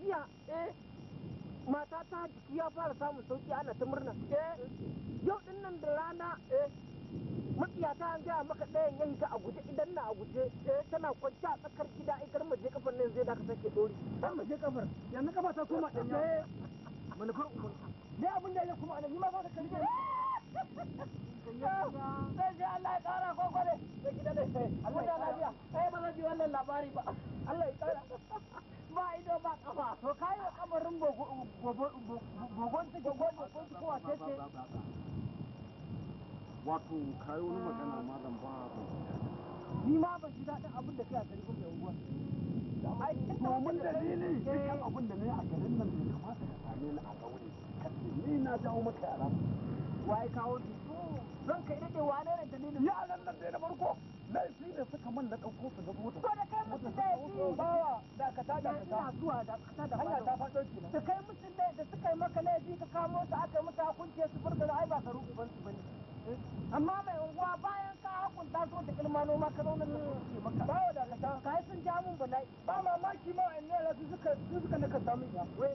jiya eh mata ta jiki ya fara samun sauki ana ta murna eh yau din nan da rana eh mutiya ta an gaya maka ɗayan yayi ta a guje idan na a guje eh tana kwanci a tsakar gida ikar kar maje kafar nan zai da ka sake dori dan maje je kafar yanzu kafa ta koma danya eh. manufar umar ne abin da ya kuma anan ni ma ba ka kalli eh, sai ji Allah ya kara kwakwale da gida da sai Allah ya lafiya sai ba zan ji wannan labari ba Allah ya kara ba ido ba kafa to kayi wa kamarin gogon su gogon gogon su kowa ce ce wato wani magana malam ba ni ma ban ji daɗin abin da kai a garin mai unguwa ai domin dalili eh. abin da ne a garin nan kamata ka same ni a ni na jawo maka yara kawo ki zan kai dade wane ne dalilin yaran nan dai na farko laifi ne suka man na ɗauko su na mota to da kai musu laifi bawa da ka ta da ka ta zuwa da ka ta da hanya ta fado kenan da kai musu laifi da suka yi maka laifi ka kamo su aka musu hukunci su furta ai ba ka rubu ban su bane amma mai unguwa bayan ka hukunta so da ilma noma ka zauna da kuke maka bawa da ka ta kai sun ja mun bala'i ba mamaki ma in ne su suka su suka naka samu ya wai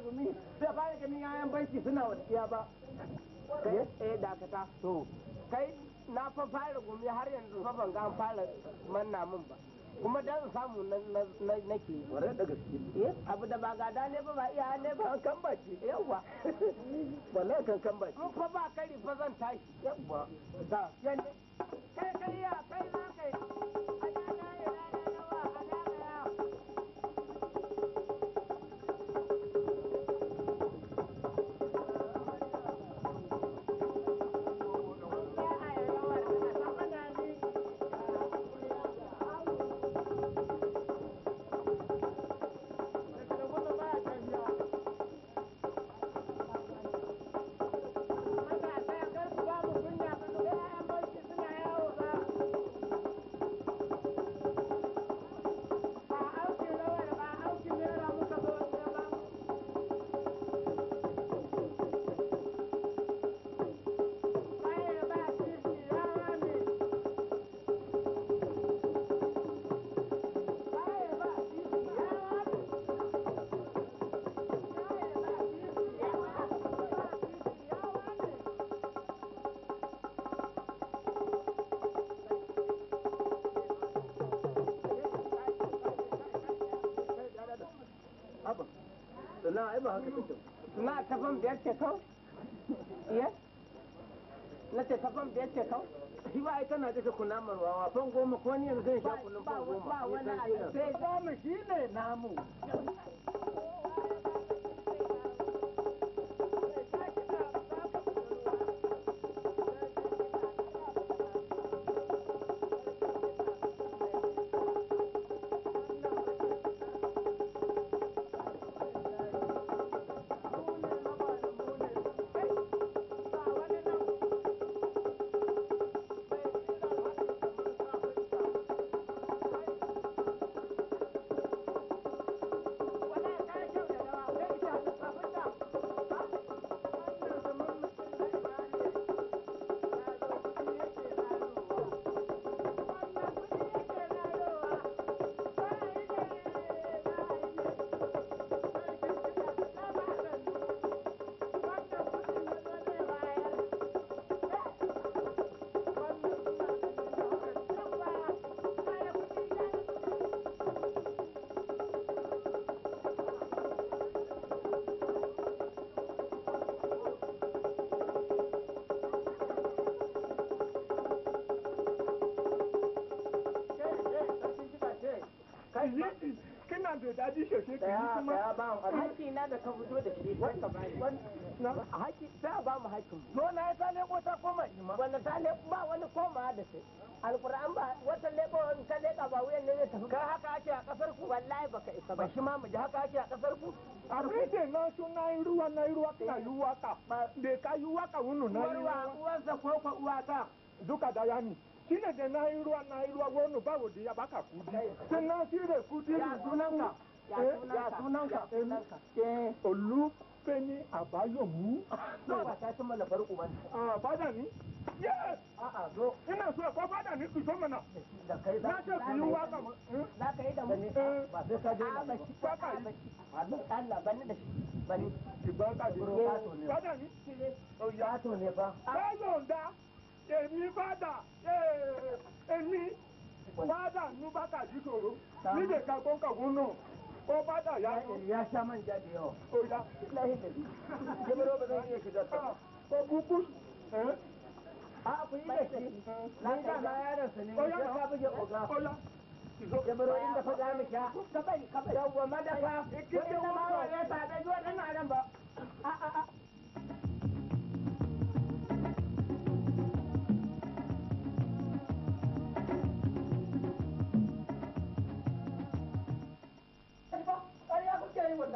gumi da ganin yayan banki suna wasiya ba dakata to kai na fa fara gumi har yanzu fa ban ga an fara manna min ba kuma dan samu nake ware da gaske eh, abu da ba gada ne ba ba iya ne ba kan yawa wallahi kan kan fa ba kari fa zan tashi yawa da kai kai ya kai na kai na ai ba haka take na ta ban biyar ce kau iya na ce ta ban biyar ce kau shi ba ai tana daga kunamar wawa ban goma ko ni yanzu zan sha namu mai daji shoshe ka yi kuma ya ba mu na da ka fito da shi wanda ba ta ba mu to na ya ta koma wanda ta ba wani koma da shi ba wata ka ba wuyan ne tafi kai haka ake a ƙasar ku wallahi baka isa ba shi ma mu ji haka ake a ku abin da na so na yi ruwa na yi ruwa yi waka ka yi waka wunu na yi ruwa shine da na yi ruwa na yi ruwa wani bawo da ya baka kudi sai na shi da kudi ya sunanka ya sunanka olu feni abayomu ba ba ta cimma labar uban a fada ni yes a'a zo ina so ko fada ni ku soma na da kai da na ce ku yi waka na kai da mu ba sai ka je ba ki ba ka Allah bani da shi bani ki ba ka ji fada ni o ya to ne ba ba èmi fada eh ẹni fádà nú bàtà dídòrò níbi kan tó ń kàwé nù ó bàtà yá tó. ìyá sámà ń jáde ọ. ó yá lẹ́yìn tẹ̀lé. kébèrè ah, ó bẹ lórí èkó dọ̀tọ̀. kò kúkú. a kò yí lè ṣe. nígbà máa yára sọ ni mo jẹ́ ká bẹ́ẹ̀ ọ̀gá. kébèrè ó yín dafa dáa mi sá. kabali kabali. yawwa madafa. ìkíni wọn bá wà lẹ́sà ẹ̀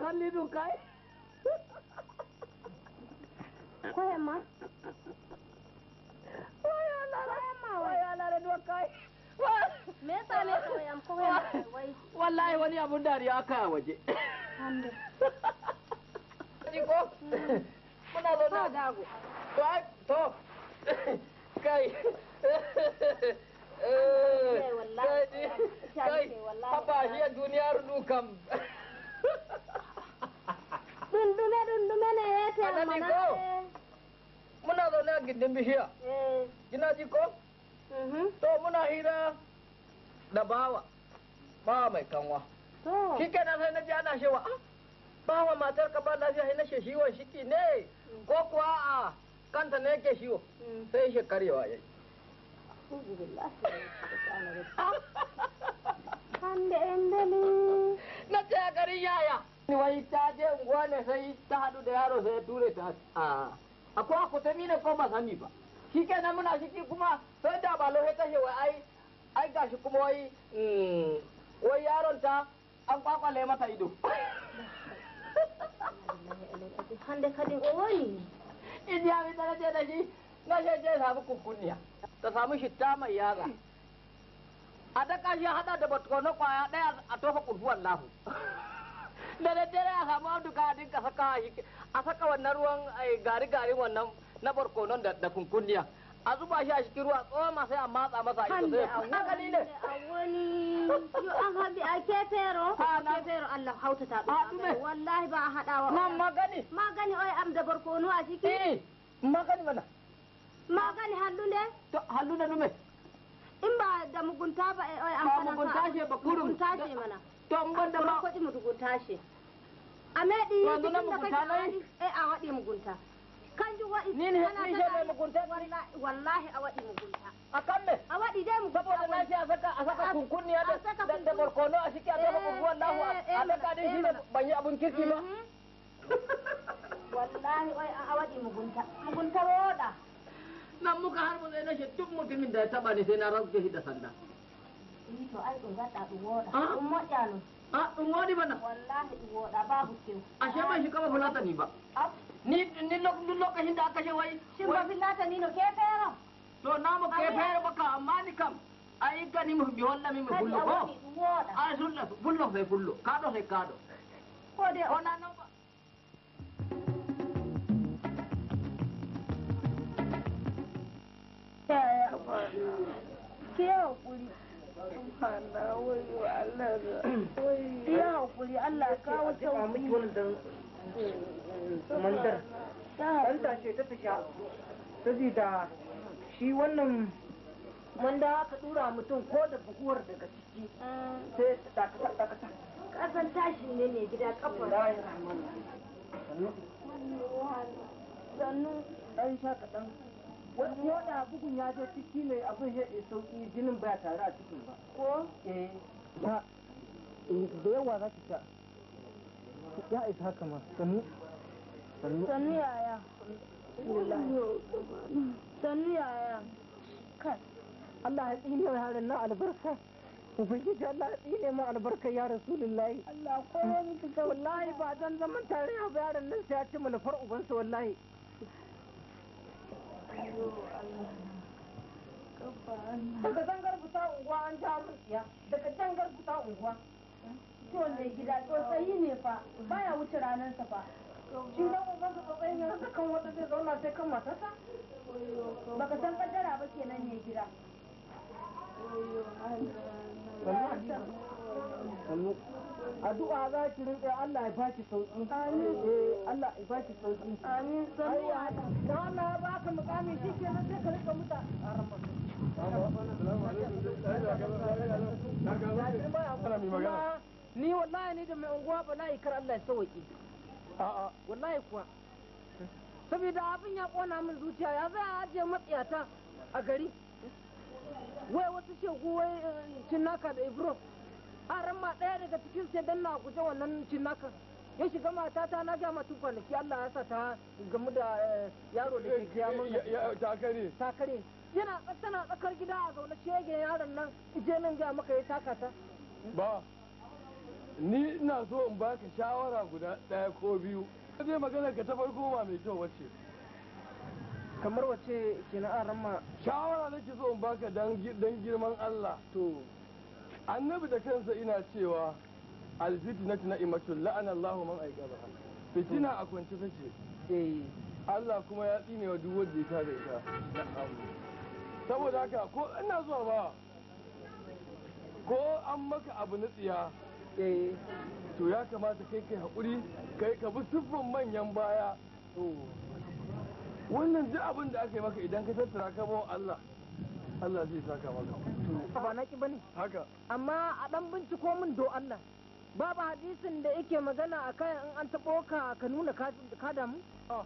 kalli dun kai koya ma koya lara koya lara dun kai me yasa ne koyan koya wai wallahi wani abun dariya aka waje ko muna zo na dago to to kai kai kai haba shi duniya rudu kam dundume ne ya ce amma na muna zaune a gindin bishiya kina ji ko to muna hira da bawa bawa mai kanwa shi na sai na ji ana shewa ah bawa matar ka ba lafiya sai na she shiwon shiki ne ko kuwa a kanta ne yake shiwo sai shi karewa yayi Kan da 'yan dali. Na ce garin yaya. wai ta je unguwa ne sai ta haɗu da yaro sai ya ture ta a akwai akutami ne ko masani ba shi kenan muna ciki kuma sai da ba lohe ta shewa ai ai gashi kuma wai mm, wai yaron ta an kwakwale mata ido hande kadin owani ne in ya mi tsara ce da shi na shi ce samu kunkunniya ta samu shitta mai yaga a daka shi hada da batko na kwaya daya a tofa kurfuwan lahu da daddare a samu auduga a dinka saka shi a saka wannan ruwan gari gari wannan na barkonon da kunkunniya a zuba shi a cikin ruwa tsoma sai a matsa masa a sai a wani a wani yu an habi a kefero a kefero Allah hauta ta wallahi ba a wa. ma magani magani oi am da barkono a ciki eh, magani mana magani hallu ne to hallu ne nume in ba da mugunta ba eh, an fara mugunta ce ba kurum mugunta ce mana to mun banda ko kuɗi mugunta ce a me di yanzu na mugunta ne eh a waɗe mugunta kan ji waɗi ni ne ni je mai mugunta wallahi a waɗe mugunta a kan me a waɗi dai mugunta saboda na ce a saka a saka kunkunniya da da barkono a ciki a saka eh, kunkuwan lahu a eh, saka din shi ban yi abun kirki ba wallahi wai a waɗe mugunta mugunta roda nan muka har mun na shi duk mutumin da ya taba ni sai na rauke shi da sanda to ai in woda in no a ah? in wodi ah, bana wallahi a ban fulata ni ba ah? ni ni lokacin da aka je wai ba fulata ni no ke to na mu ke baka amma ni kam ai gani mu bi mu bullo ko bullo bullo kado kado ko ona no yaya ki haƙuri ki haƙuri Allah mandar ɗan tashe ta fita sabida shi wannan wanda aka tura mutum ko da buguwar daga ciki sai ta dakata kasan tashi ne ne gida kafar sannu ɗan sha kaɗan wani yoda bugun ya zo ciki ne abin ya sauki jinin ba tare a cikin ba ko eh da eh, da yawa za ki sha ya isa haka ma sannu sannu yaya sannu yaya kan Allah ya tsine wa harin na albarka Ubangiji Allah ya tsine ma albarka ya Rasulullahi. Allah koyo miki wallahi ba zan zaman tare ya yaran nan sai ya ci manufar ubansa wallahi. daga zangar buta unguwa an ja murciya daga zangar buta unguwa to ne gida tsotsayi ne fa baya wuce ranarsa fa shin ga uban ka tsotsayi ne haka kan wata zai zauna sai kan matarsa baka san kaddara ba kenan ne gida sannu addu'a za ki rinƙa Allah ya baki sauki amin eh Allah ya baki sauki amin sabuwa da wannan ya baka mukami ke nan sai ka rinƙa muta ni wallahi ni da mai unguwa ba na ikar Allah ya sauki a'a wallahi kuwa saboda abin ya kona min zuciya ya zai ajiye matsiyata a gari wai wasu shegu wai eh, naka da ibro aran ma ɗaya daga cikin sai dan na guje wannan cinnaka ya shiga ta na ga tun kwanaki Allah ya sa ta gamu da eh, yaro da ke kiyamun takare takare yana tsana tsakar gida a zaune shege yaron nan ije nan ga maka ya taka ta ba ni ina so in baka shawara guda ɗaya ko biyu zai magana ka ta farko ba mai kyau wacce kamar wacce ke na aran ma shawara nake so in baka dan girman Allah to annabi da kansa ina cewa alfitnatu na imatul la'ana Allahu man ba fitina a kwanci take eh. Allah kuma ya tsine wa duk wanda ya tada ita saboda haka ko ina zuwa ba ko an maka abu na tsiya eh. to ya kamata kai kai haƙuri kai ka bi siffin manyan baya oh. wannan duk abin da aka yi maka idan ka tattara ka bawa Allah Allah zai saka maka ba na ki bane haka amma a dan binciko min do Allah babu hadisin da yake magana a kai in an taɓo ka ka nuna ka damu? Ah.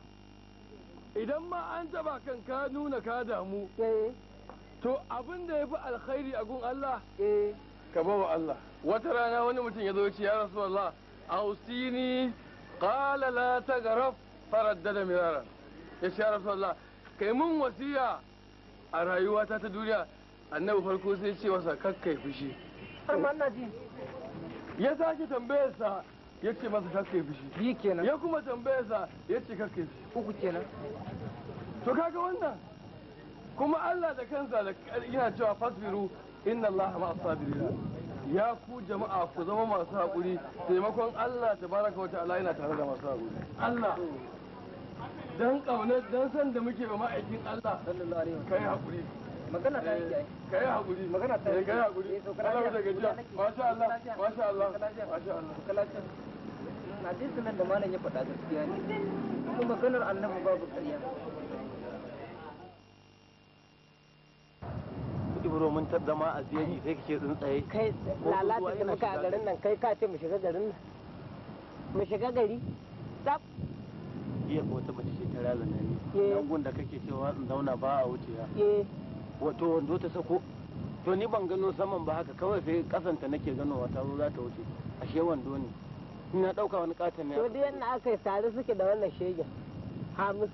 Idan ma an taɓa kan ka nuna ka damu, eh. to abin da ya fi alkhairi a gun Allah, eh. ka ba wa Allah. Wata rana wani mutum ya zo ce, ya rasu Allah, a Husini, la ta garaf da mirara. Ya shi ya rasu Allah, kai mun wasiya a rayuwata ta duniya annabi farko sai ce masa kakkai fushi ya sake tambayarsa ya ce masa kakkai fushi kenan ya kuma tambayarsa ya ce kakkai fushi uku kenan to kaga wannan kuma Allah da kansa da yana cewa fasbiru inna Allah ma sabirin ya ku jama'a ku zama masu haƙuri taimakon Allah tabaraka wa ta'ala yana tare da masu haƙuri Allah dan kaunar dan san da muke ba ma'aikin Allah sallallahu alaihi wasallam kai hakuri magana ta yi eh, kai hakuri magana ta yi eh, kai hakuri Allah da gajiya masha Allah masha Allah masha Allah kalace hadisin nan da malam ya faɗa gaskiya ne kuma maganar annabi babu ƙarya ibro mun tadda ma a jeji sai kace tsaye kai lalata ki muka a garin nan kai ka ce mu shiga garin nan mu shiga gari tsaf iya ko ta mace yalo da nan gun da kake cewa in zauna ba a wucewa wato wando ta sako to ni ban gano saman ba haka kawai sai kasanta nake gano wata zo za ta wuce ashe wando ne ina dauka wani katon ne to duk yanda aka yi tare suke da wannan shegen hamis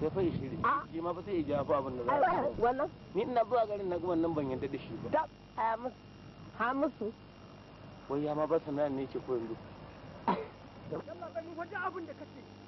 sai fa shiri shi ma fa sai ya jafa abin da za a wannan ni ina zuwa garin na nan ban yadda da shi ba hamisu wai ya ma ba sanan ne ce ko yanzu abin da kace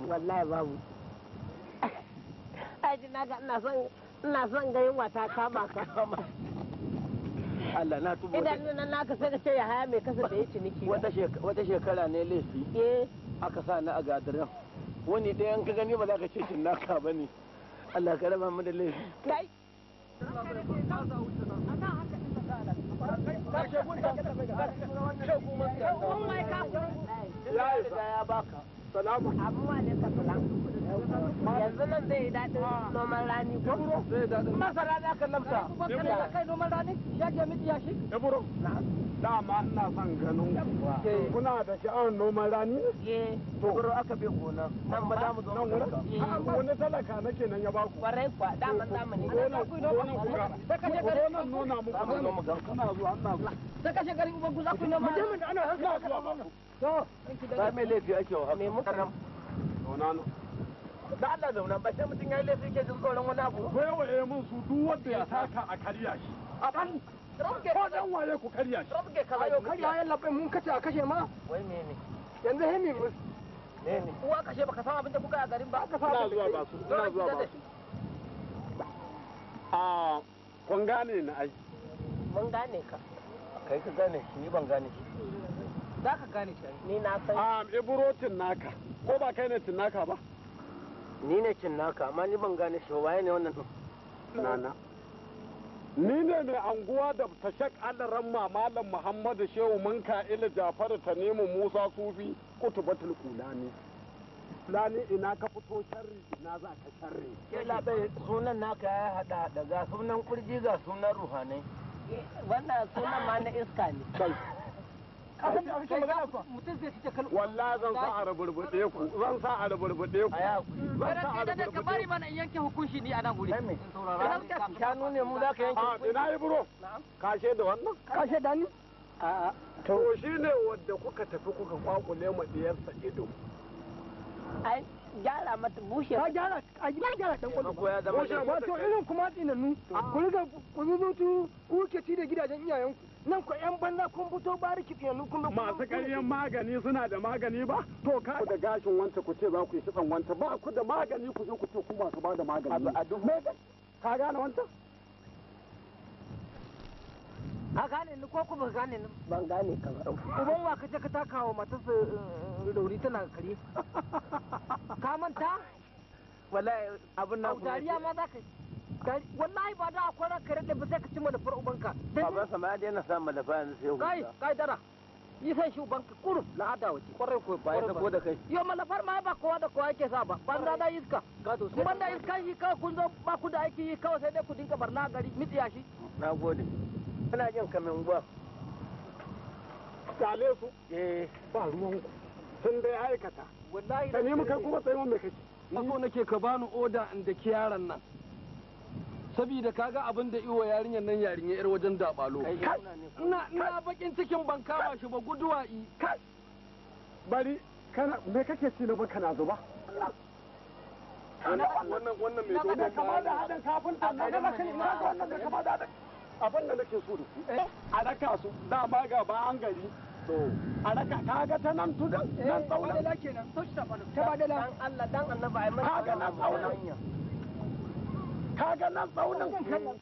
wallahi babu aji na ga ina son ina son ga yunwa ta kama ka Allah na tubo idan nan naka sai ka ce ya haya mai kasa da ya ciniki wata shekara ne laifi eh aka sa na a gadiran wani ɗayan ka gani ba za ka ce cin naka ba ne Allah ka raba mu da laifi kai ya baka Salamu. Abubuwa ne yanzu nan zai daɗin noman rani ko masara aka kai noman rani ya ke miki dama ina son ganin kuna da sha'awar noman rani to aka gona nan ba za zo nan wurin wani talaka nake nan ya ba ku kwarai kwa gona gona ta kashe gona nuna kana zuwa ta kashe gona za ku to ba mai laifi ake wa haka da Allah zauna ba sai mutum yayi laifi ke jin tsoron wani abu waye mun su duk wanda ya saka a kariya shi a kan ko dan waye ku kariya shi rabge kaza ayo karya ya labbe mun kace a kashe ma wai mene yanzu he mi ne. mene uwa kashe baka san abin da kuka a garin ba aka fara zuwa ba su ina zuwa ba a ah, kun gane ni ai mun gane ka kai ka gane shi ni ban gane shi za ka gane shi ni na san a ah, ibrotin naka ko ba kai ne tinaka ba ni ne kin naka amma ni ban gane shi waye ne wannan nana ni ne mai anguwa da ta shak alaran malam muhammadu shehu mun ila jafaru ta nemi musa sufi kutubatul kulani lani ina ka fito sharri ina za ka sharri ke labai sunan naka ya hada hada ga sunan kurji ga sunan ruhanai wannan sunan ma na iska ne kafin da ake ku a wallahi zan sa a raburbuɗe ku zan sa a raburbuɗe ku zan sa a raburbuɗe ku bari mana in yanke hukunci ni a nan guri kai me shanu ne mu za ka yanke hukunci ina yi buro kashe da wannan kashe da ni a'a to shine wanda kuka tafi kuka kwakule ma diyarsa ido ai gyara mata bushe ka gyara a gida gyara dan kwallo ko ya zama wato irin kuma tsinannu ah. ku riga ku zuzutu ku ke ci da gidajen iyayenku nan ko yan banza kun fito bariki yanzu kun masu ƙaryen magani suna da magani ba to ka da gashin wanta ku ce za ku yi kitsan wanta ba ku da magani ku je ku ce ku masu ba da magani a duk me ka gane wanta a gane ni ko ku ba gane ni ban gane ka ba uban wa ka je ka taka wa mata su eh, rauri tana kare ka manta wallahi abin na ku dariya ma za ka yi wallahi ba da akwai ranka rade ba sai ka ci malafar ubanka baban sa ma ya daina sa malafa yanzu sai hukunta kai kai dara yi sai shi ubanka kurum la'ada wace kwarai ko ba ya ko da kai yo malafar ma ba kowa da kowa yake sa ba ban da da iska gado sai banda iska yi kawai kun zo ba ku da aiki yi kawai sai dai ku dinga barna gari mitsiya shi nagode kana jin kamin ba sale su eh ba ruwan ku sun dai aikata wallahi ka nemi kai kuma sai mun me kake ni nake ka bani oda inda kiyaran nan saboda kaga abin da iwo yarinyar nan yarinya yar wajen dabalo na na bakin cikin ban kama shi ba guduwa i bari kana me kake ci na banka na zuba wannan wannan mai dogon ba da hadan kafin ta na ga kai na wannan da kama da hadan abin da nake so da su eh, a raka su da dama ga ba an gari a raka ga ta nan tudan nan eh, tsaunan ta ba da Allah dan annaba ai mai kaga na tsaunan kaga nan tsaunin kan nan